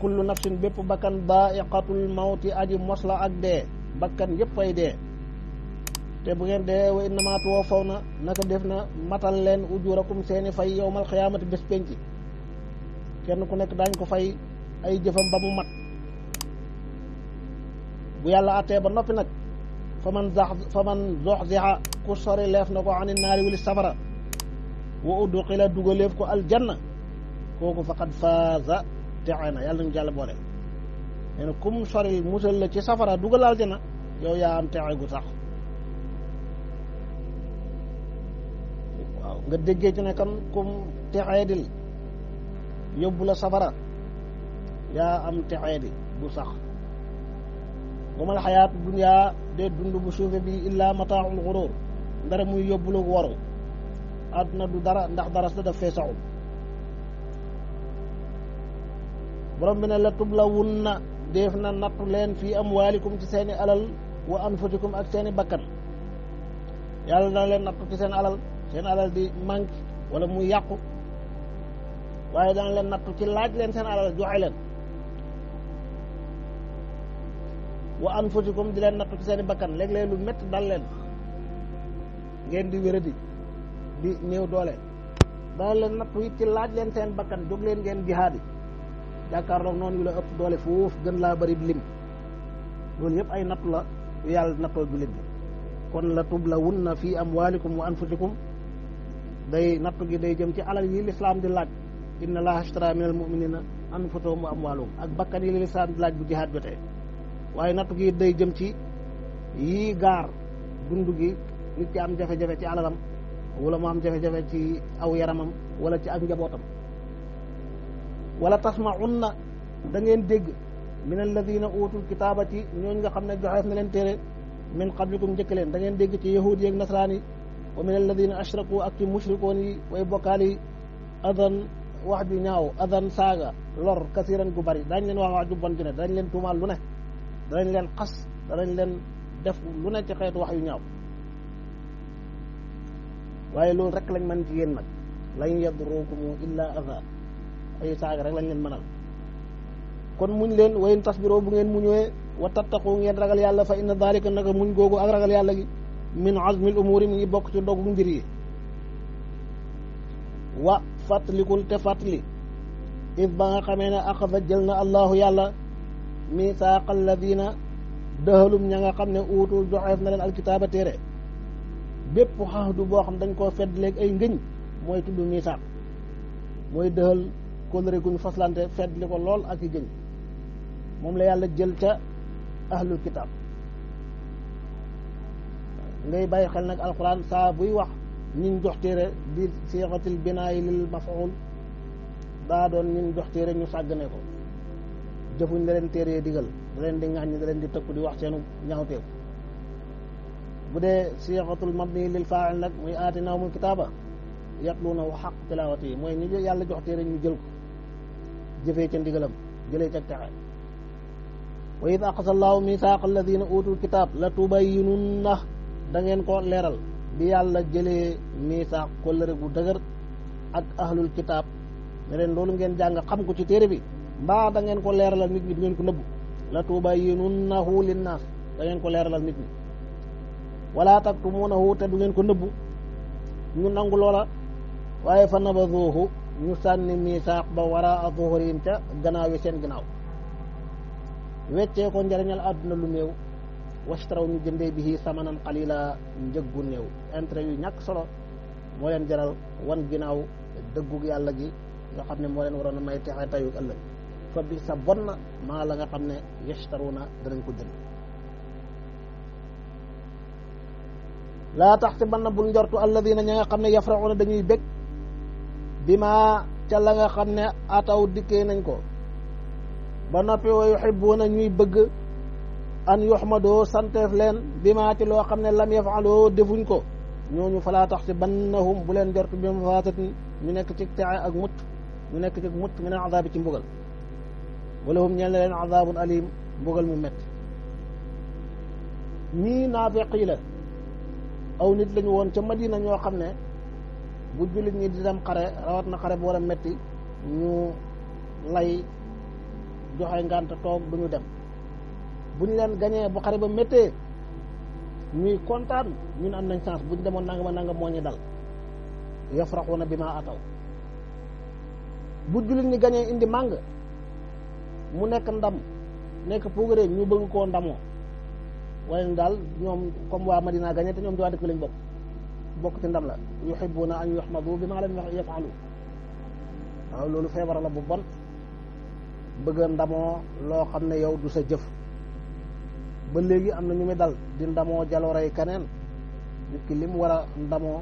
kullu nafsin bépp bakan da'iqatul maut aji mos ak de bakan yépp ay dee te bu ngeen de wa innama tuwaffawna naka defna matal len ujurakum seeni fay yawmal xiyaamati bés penci kenn ku nek dañ ko fay ay jëfam ba mu mat bu yàlla até ba nopi nak faman man faman fa ku sori leef safara wa udxila dugaleef ko aljanna kooku faqad faaza texe na yàlla nañu jàll boole nee na kum sori musal la ci safara dugal aljanna yow yaa am texe gu sax waaw nga déggee ci ne kan kum texee dil yóbbu safara yaa am texee di gu sax wamal xayaatu dunya de dund bu suufe bi illa mataaul xuróor ndara muy yóbbula la waru àdduna du dara ndax dara sa def fee saxu borom bi ne la tublawunna def na nattu leen fii amwaalikum ci seeni alal wa anfusikum ak seeni bakkan yàlla dana leen nattu ci seen alal seen alal di manque wala mu yàqu waaye dana leen nattu ci laaj leen seen alal joxe leen wa anfusikum di leen naq ci seeni bakkan léeg leen lu métti dal leen ngeen di wéradi di néew doole dana leen nattu it ci laaj leen seen bakkan jóg leen ngeen jihaad yi jàkkaarloog noonu yu la ëpp doole foofu gën laa bëri lim loolu yëpp ay nattu la yu yàlla nattoo jullit bi kon la na tublawunna fi amwalikum wa anfusikum day nattu gi day jëm ci alal yi lislaam di laaj inna allaha ashtara min al muminina anfusahum wa amwalahum ak bakkan yi lislaam di laaj bu jihaad jotee waaye nattu gi day jëm ci yii gaar dund gi nit ki am jafe-jafe ci alalam wala mu am jafe-jafe ci aw yaramam wala ci ak njabootam wala tasmaunna da ngeen dégg min alladina utul kitaaba ci ñooñ nga xam ne joxeef na leen téere min qablikum njëkk leen da ngeen dégg ci yahudi yeeg nasraan yi wa min alladina ashraku ak ci mushrikoon yi way bokkaal yi adan wax ju ñaaw adan saaga lor kasiran gu bari dañ leen wax wax ju bon ju ne dañ leen tuumaal lu ne danañ leen xas danañ leen def lu ne ci xeetu wax yu ñaaw waye lool rek lañ man jigen nak lañ yadrukum illa adha ay saaga rek lañ len manal kon muñ len wayin tasbiro bu ngeen muñëwee wa tattaqu ngeen ragal yàlla fa inna dhalika nak muñ gogo ak ragal yàlla gi min azmi al umuri mi bok ci ndogu ngir yi wa fatlikul te fàttali if ba nga xamee ne axada jël na allahu yàlla misaaq alladina dëhalum ña nga xam ne uutu joxeef na leen bépp xaxdu boo xam dañ koo feddleeg ay ngëñ mooy tudd misaaq mooy dëxal kóllëre guñ faslante feddli ko lool ak i gëñ moom la yàlla jël ca ahlul kitab ngay bàyyi xel nag alquran saa buy wax ñin jox téere bi siixatil binaayi lil mafaul daa doon ñin jox téere ñu sàggane ko jëfuñ da leen téere digal da leen di ŋàññ da leen di tëkku di wax seenu ñaawteeku bu dee siyaxatul mabni lil faa'il nag muy aati naawmul kitaaba yatluunahu xaq tilaawati yi mooy ñu yàlla jox téere ñu jël ko jëfee ca ndigalam jëlee ca texe wa id aqasa allahu misaaqa alladina utul kitaab la tubayyinunna da ngeen ko leeral bi yàlla jëlee ko la gu dëgër ak ahlul kitaab ne leen loolu ngeen jàng xam ko ci téere bi mbaa da ngeen ko leeralal nit ñi du ngeen ko nëbbu la tubayyinunnahu linnaas da ngeen ko leeral leeralal nit ñi wala taktumunahu te du ngeen ko nëbbu ñu nangu loola waaye fa nabaduuhu ñu sànni miisaaq ba waraa zuhurihim ca gannaaw yi seen gannaaw weccee ko njariñal àdduna lu néew washtaraw ñu jëndee bihi samanan qalila njëggu néew intérêt yu ñàkk solo moo leen jaral wan ginnaaw dëggug yàlla gi nga xam ne moo leen waroon a may texe tayu ëllëg fa bi sa bon na maa la nga xam ne yashtaruna danañ ko jënd laa taxsibanna bul njortu alladina ña nga xam ne yafraxuuna dañuy bég bi ma ca la nga xam ne ataw dikkee nañ ko ba noppi wa yuxibuuna ñuy bëgg an yuxmadoo santeef leen bi ma ci loo xam ne lam yafaloo defuñ ko ñooñu falaa taxsibannahum bu leen njortu bi mafaatatin ñu nekk ci texe ak mucc ñu nekk ci mucc min azaabi ci mbugal wala hum ñeel leen azaabun alim mbugal mu metti ñii naafiq yi la aw nit lañu woon ca madina ñoo xam ne bu jullit ñi di dem xare rawat na xare bu war a metti ñu lay joxe ngànt toog bu ñu dem bu ñu leen gañee bu xare ba méttee ñuy kontaan ñun am nañ chance bu ñu demoon nangama nangam moo ñu dal yafraxuna bi ma ataw bu jullit ñi gañee indi màng mu nekk ndam nekk pugare ñu bëgg koo ndamoo waaye daal ñoom comme waa Madina gañe te ñoom di waa dëkk bi lañ bokk bokk ci ndam la yuhibbuna an yuhmadu bi ma lam yafalu waaw loolu feebar la bu bon bëgg a ndamoo loo xam ne yow du sa jëf ba léegi am na ñu muy dal di ndamoo jalooray kaneen nit ki lim war a ndamoo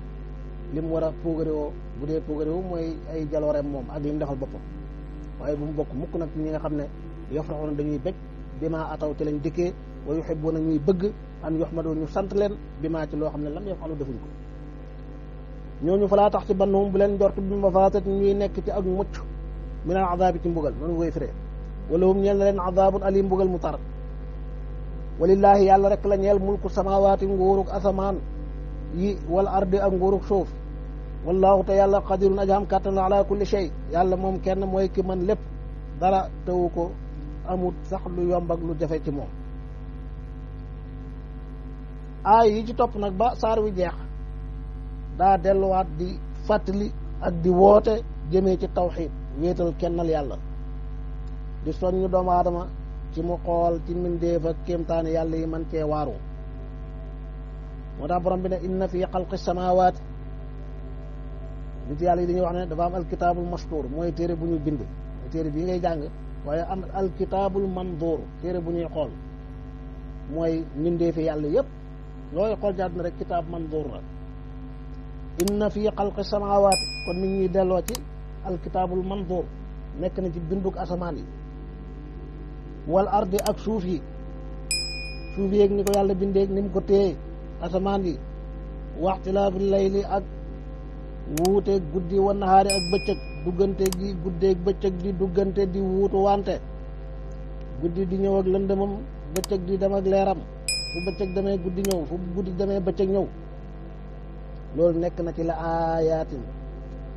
lim war a puugarewoo bu dee puugarewoo mooy ay jalooreem moom ak lim defal boppam waaye bu mu bokk mukk nag ñi nga xam ne yafraxoon dañuy bëgg bi ma ataw ci lañ dikkee ويحبون ان يبغ ان يحمدوا ان يسنت لين بما تي لو خامل لام يفعلوا دفنك ньо ญ و فلا تحسبنهم بلن جورت بما فاتت نيك تي اك موت من العذاب تي مبغل من وي فري ولهم نيل لين عذاب اليم بغل مطر ولله يالا رك لا نيل ملك السماوات غورك اسمان ي والارض اك غورك شوف والله تعالى قدير اجام كاتنا على كل شيء يالا موم كين موي كي من لب دارا تاوكو amut sax lu yomb lu jafé ci mom ay yi ci top nak ba sar wi jeex da delu wat di fatali ak di wote jeme ci tawhid wetal kennal yàlla di soññ doomu adama ci mu xol ci mbindeef ak kemtane yàlla yi man ci waru moo tax borom bi ne inna fi khalqis samaawaati nit yàlla yi dañu wax ne dafa am alkitaabul mastuur mooy téere bu ñu bind tere bi ngay jàng waye am alkitaabul manduur tere buñu xol moy mooy mbindeefi yàlla yep loolu xool jàdd na rek kitaab manzuur la inna fii xalqi samaawaati kon nit ñuy delloo ci alkitaabul manzuur nekk na ci bindug asamaan yi wal ardi ak suuf yi suuf yeeg ni ko yàlla bindeeg ni mu ko téye asamaan yi waxtilaafi layli ak wuuteeg guddi wa nahaari ak bëccëg duggante gi guddeeg bëccëg di duggante di wuutu wante guddi di ñëw ak lëndëmam bëccëg di dem ak leeram fu bëccëg demee guddi ñëw fu guddi demee bëccëg ñëw loolu nekk na ci la aayaatin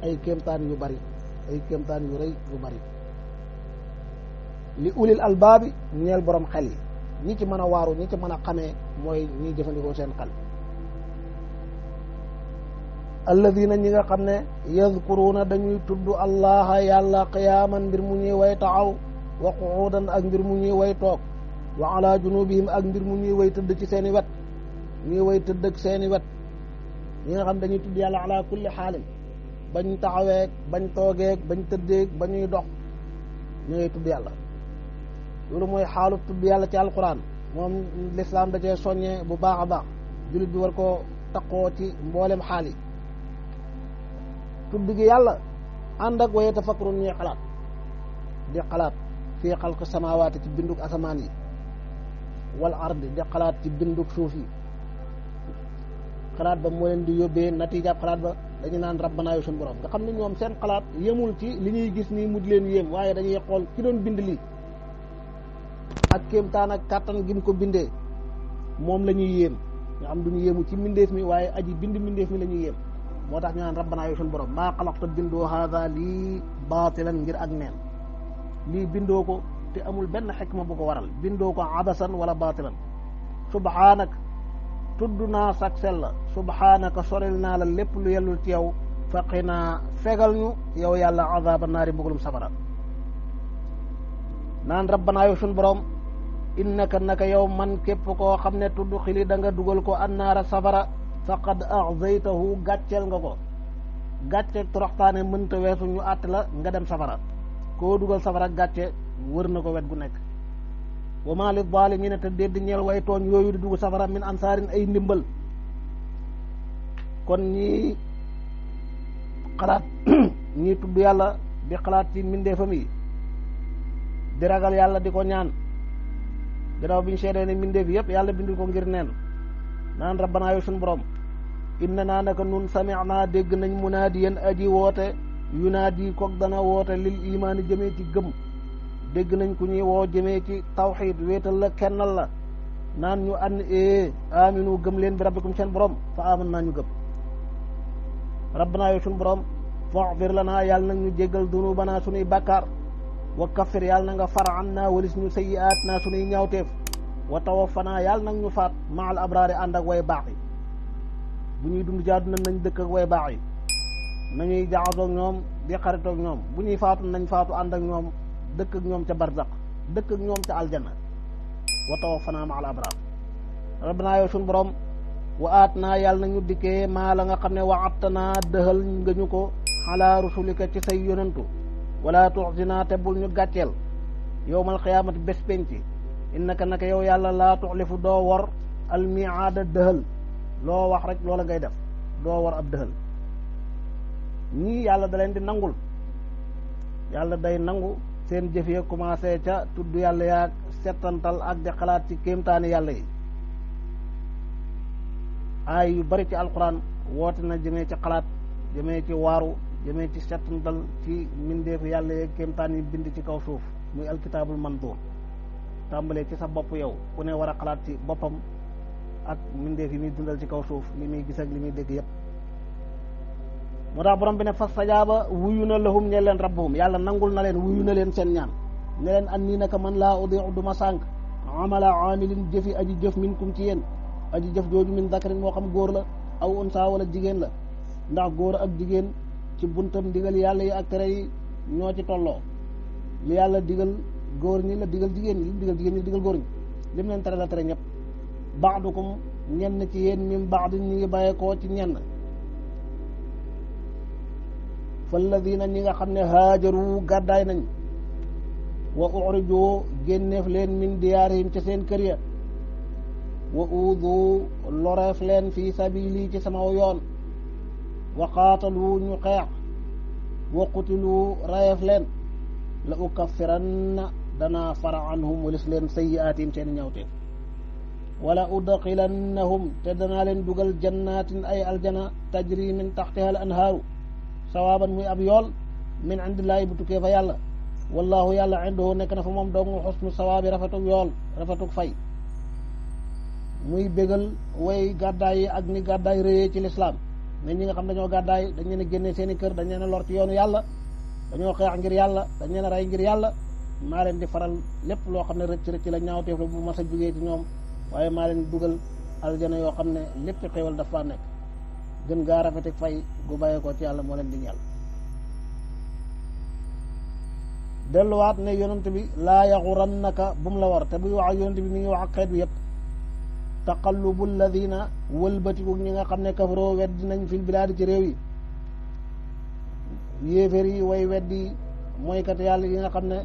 ay kéemtaan yu bari ay kéemtaan yu rëy yu bari li ulil albaabi ñeel borom xel yi ñi ci mën a waaru ñi ci mën a xamee mooy ñi jëfandikoo seen xel alladina ñi nga xam ne yadkuruuna dañuy tudd allaha yàlla qiyaaman mbir mu ñuy way taxaw wa quudan ak mbir mu ñuy way toog wa ala junubihim ak mbir mu ñuy way tudd ci seen wet ñuy way tudd ak seen wet ñi nga xam dañuy tudd yàlla ala kulli xaalin bañ taxaweeg bañ toogeeg bañ tëddeeg ba ñuy dox ñu tudd yàlla loolu mooy xaalu tudd yàlla ci alquran moom lislaam da cee soññee bu baax a baax julit bi war koo taqoo ci mboolem xaal yi tudd gi yàlla ànd ak waye tafakkurun ñuy xalaat di xalaat fii xalq samaawaati ci binduk asamaan yi wal ard di xalaat ci binduk suuf yi xalaat ba moo leen di yóbbee natiijaab xalaat ba dañu naan rabbanaa yu suñu borom nga xam ne ñoom seen xalaat yemul ci li ñuy gis nii mujj leen yéem waaye dañuy xool ci doon bind li ak kéemtaan ak kàttan gi mu ko bindee moom lañuy ñuy yéem nga xam duñu yéemu ci mbindeef mi waaye aji bind mbindeef mi la ñuy moo tax ñu naan rabbanaa yu suñu borom maa xalaqta bindoo haada lii baatilan ngir ak neen lii bindoo ko te amul benn xikma bu ko waral bindoo ko abasan wala baatilan subhaanaka tudd naa sag sella subhaanaka soril naa la lépp lu yellul ci yow faqinaa fegal ñu yow yàlla azaaba naari mbugalum safara naan rabbanaa yow suñ borom innaka naka yow man képp ko xam ne tudd xili da nga dugal ko annaara safara faqad axzaytahu gàcceel nga ko gàcce toroxtaane mënta weesu ñu àtt la nga dem safara koo dugal safara gàcce wër na ko wet gu nekk wa maa li zaalimiina te dédd ñeel way tooñ yooyu di dugg safara min ansaarin ay ndimbal kon ñii xalaat ñii tudd yàlla di xalaat ci mbindeefam yi di ragal yàlla di ko ñaan gannaaw bi ñu seedee ne mbindeef yëpp yàlla bindul ko ngir neen naan rabbanaa yow borom inna naa naka nun sami'naa dégg nañ munaadiyan aji woote yunaadi koog dana woote lil imaani jëmee ci gëm dégg nañ ku ñuy woo jëmee ci tawxid wéetal la kennal la naan ñu ànd ee aminu gëm leen bi rabbikum seen borom fa aman naa ñu gëm rabbanaa yow suñu borom faxfir lanaa yàlla nag ñu jéggal dunubanaa suñuy bàkkaar wa kaffir yàlla na nga far an naa walis ñu sayyiaat naa suñuy ñaawteef wa tawaffanaa yàlla nag ñu faat maal abraari ànd ak way baax yi bu ñuy dund jaadu nañ dëkk ak way baax yi nañuy jaxasoog ñoom di xaritoog ñoom bu ñuy faatu nañ faatu ànd ak ñoom dëkk ak ñoom ca barzaq dëkk ak ñoom ca aljanna wa tawaffana ma al abrar rabbana yow suñu borom wa aat naa yàlla nañu dikkee maa la nga xam ne wa naa dëxal nga ñu ko xalaa rusulika ci say yonantu wala tuxzina te bul ñu gàcceel yowmal xiyaamati bés penc innaka naka yow yàlla laa tuxlifu doo wor al miaada dëxal loo wax rek loola ngay def doo war ab dëxal ñii yàlla da leen di nangul yàlla day nangu seen jëf ya commencé ca tudd yàlla yaag settantal ak di xalaat ci kéemtaani yàlla yi aay yu bari ci alquran woote na jëmee ci xalaat jëmee ci waaru jëmee ci settantal ci mbindeefu yàlla yeeg kéemtaan yi bind ci kaw suuf muy alkitaabul manduur tàmbalee ci sa bopp yow ku ne wara xalaat ci boppam ak mbindeef yi muy dundal ci kaw suuf li muy gis ak li muy dégg yépp moo borom bi ne fastajaaba wuyu na lahum ñe leen rabbuhum yàlla nangul na leen wuyu na leen seen ñaan ne leen an nii naka man laa udiu du ma sànq amala amilin jëfi aji jëf kum ci yéen aji jëf jooju min dakarin moo xam góor la aw unsa wala jigéen la ndax góor ak jigéen ci buntam digal yàlla yi ak tere yi ñoo ci tolloo li yàlla digal góor ñi la digal jigéen ñi digal jigéen ñi digal góor ñi lim leen tere la tere ñëpp baadukum ñenn ci yéen min baadin ñi ngi bàyyeekoo ci ñenn فالذين نيغا خامني هاجروا غداي نان واعرجوا جنف لين من ديارهم تي سين كريا واوذوا لورف لين في سبيلي تي سما يون وقاتلوا نقاع وقتلوا رايف لين لا اكفرن دنا فر عنهم ولسلين سيئاتهم تي نياوتين ولا أدخلنهم تدنا لين دوغل جنات اي الجنه تجري من تحتها الانهار sawaaban muy ab yool min indillaahi bu tukkee fa yàlla wallahu yàlla indahu nekk na fa moom dong xusnu sawaabi rafetuk yool rafetuk fay muy bégal way gàddaay yi ak ni gàddaay réyee ci lislaam ne ñi nga xam dañoo gàddaay dañ leen a génne seen i kër dañ leen a lor ci yoonu yàlla dañoo xeex ngir yàlla dañ leen a rey ngir yàlla maa leen di faral lépp loo xam ne rëcc rëcc la ñaawteef la bu ma sa jugee ci ñoom waaye maa leen dugal aljana yoo xam ne lépp xéewal dafa nekk gën gaa rafete fay gu bàyyi ko ci yàlla moo leen di ñeel delluwaat ne yonent bi laa yaxurannaka bu mu la war te buy wax ak yonent bi mi ngi wax ak xeet bi yëpp taqallubu alladina wëlbatiku ñi nga xam ne kafaroo weddi nañ fil bilaadi ci réew yi yéeféer yi way weddi mooykat yàlla yi nga xam ne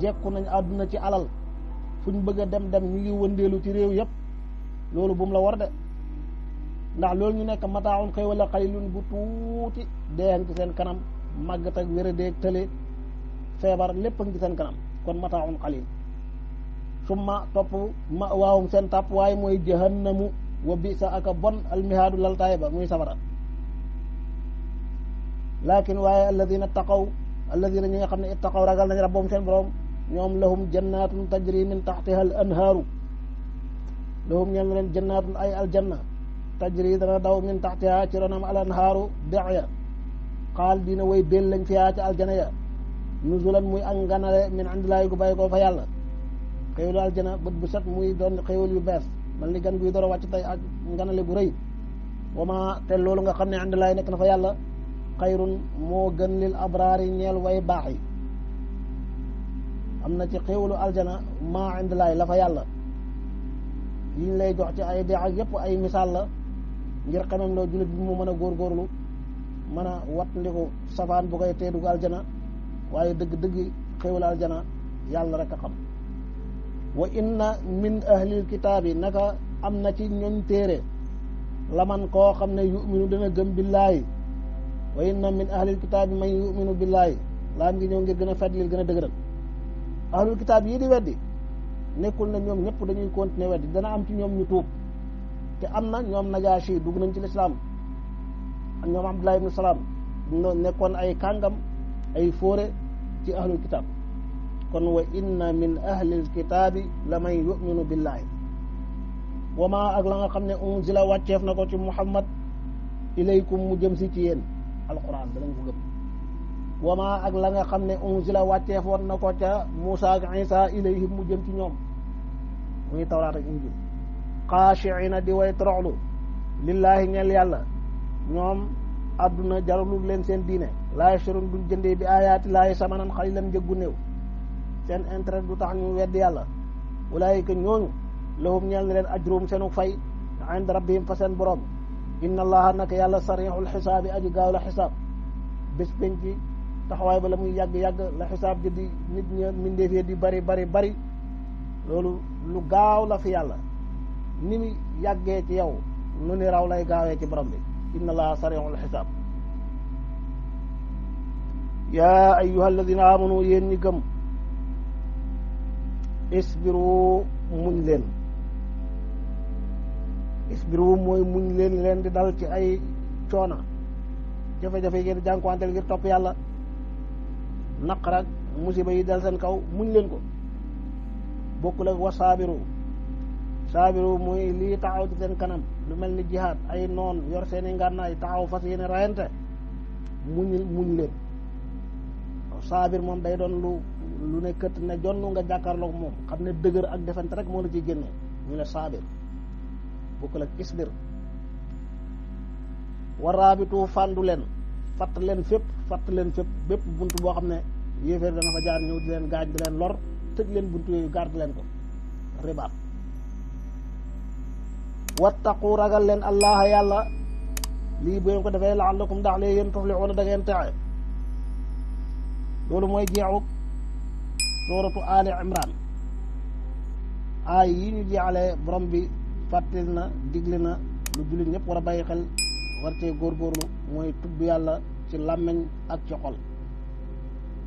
jekku nañu àdduna ci alal fu ñu bëgg a dem dem ñu ngi wëndeelu ci réew yëpp loolu bu mu la war de ndax loolu ñu nekk mataaxun koy wala xalilun bu tuuti dee ngi seen kanam màggat ak wéradéeg tële feebar lépp seen kanam kon mataaxun xalil summa topp ma waawum seen tàpp waaye mooy jahannamu wa bi sa aka bon almihaadu laltaay ba muy safara laakin waaye alladina taqaw alladina ñi nga xam ne ittaqaw ragal nañ rabboom seen borom ñoom lahum jannaatun tajri min taxtiha al anhaaru lahum ñeen leen jannaatun ay aljanna تجري dana daw min taxtiha ci ronam al anhaaru dex ya xaal dina woy bel lañ fiyaa ci aljana ya nuzulan muy ak nganale min andilaay gu bàyyi koo fa yàlla xéwalu aljana bët bu set muy doon xéwal yu bees man li gan guy door a wàcc tey ak nganale bu rëy wama te loolu nga xam ne andilaay nekk na fa yàlla xayrun moo gën lil abraari ñeel way baax yi am na ci xéwalu aljana maa andilaay la fa yàlla yiñ lay jox ci ay dex ak yépp ay misaal la ngir xamem loo jullit bi mën a góorgóorlu mën a wattandiku safaan bu koy teedu aljana waaye dëgg-dëgg xéwal aljana yàlla rek a xam wa inna min ahlil kitaabi naka am na ci ñoñ téere laman koo xam ne yuminu dana gëm billaahi wa inna min ahlil kitaabi man yuminu billaahi laa ngi ñëw ngir gën a fàttalil gën a dëgëral ahlul kitaab yii di weddi nekkul na ñoom ñëpp dañuy continuer weddi dana am ci ñoom ñu tuub te am na ñoom najaasi dugg nañ ci lislaam ak ñoom abdullah ibnu salaam no nekkoon ay kàngam ay foore ci ahlul kitaab kon wa inna min ahlil kitaabi la man yuminu billahi wa ma ak la xam ne unzila wàcceef na ko ci muhammad ilaykum mu jëm si ci yéen wa ma ak la nga xam ne unzila wàcceef woon na ko ca Muusa ak Isa ilayhim mu jëm ci ñoom muy tawraat ak khashi'ina di way torolu lillahi ñeel yalla ñom aduna jaralul len sen diine la yashurun duñ jende bi ayati la yasmanan khaylan Sen new sen intérêt du tax ñu wedd yàlla ke ñoon lahum ñeel len ajrum senu fay and rabbihim fa sen borom inna allaha nak yalla sarihul hisab aji gaaw hisab xisaab ben penc taxaway ba lamuy yag yag la hisab di nit minde fe di bari bari bari lolu lu gaaw la fi yalla ni yàggee ci yow nu ni raw lay gaawee ci borom bi inna laa sari'ul xisaab yaa ayyuha alladina amanu yéen gëm isbiru muñ leen isbiru mooy muñ leen leen di dal ci ay coona jafe-jafe yi ngeen di jànkuwanteel ngir topp yàlla naq ak musiba yi dal seen kaw muñ leen ko bokkul ak wasaabiru saabiru muy lii taxaw ci seen kanam lu mel ni jihaad ay noon yor seen i yi taxaw fas yéene rayante muñ muñ leen saabir moom day doon lu lu ne kët ne jonn nga jàkkaarloog moom xam ne dëgër ak defante rek moo la ciy génne ñu ne saabir bokkul ak isbir waraabitu fàndu leen fatt leen fépp fatt leen fépp bépp bunt boo xam ne yéeféer dana fa jaar ñëw di leen gaañ di leen lor tëj leen bunt yooyu garde leen ko ribaat wattaqu ragal leen allaha yàlla lii bu ngeen ko defee laallakum ndax lee yéen tuflixuuna da ngeen texe loolu mooy jeexuk suuratu ali imran aay yi ñu jeexalee borom bi fàttali na digle na lu jullit ñépp war a bàyyi xel war cee góorgóorlu mooy tudd yàlla ci làmmiñ ak ci xol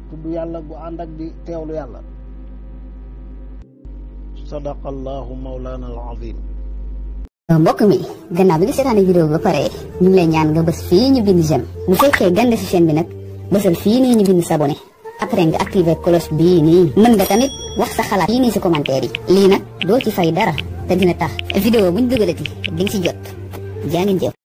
tudd yàlla gu ànd ak di teewlu yàlla sadaqa allahu mawlana al azim mbokk mi gannaaw bi nga seetaane vidéo bi ba pare ñu lay ñaan nga bës fii ñu bind j'aime bu fekkee gande ci chaîne bi nag bësal fii nii ñu bind s'abonner après nga activer cloche bii nii mën nga tamit wax sa xalaat fii nii si commentaire yi lii nag doo ci fay dara te dina tax vidéo buñ dugalati di nga ci jot jaa ngeen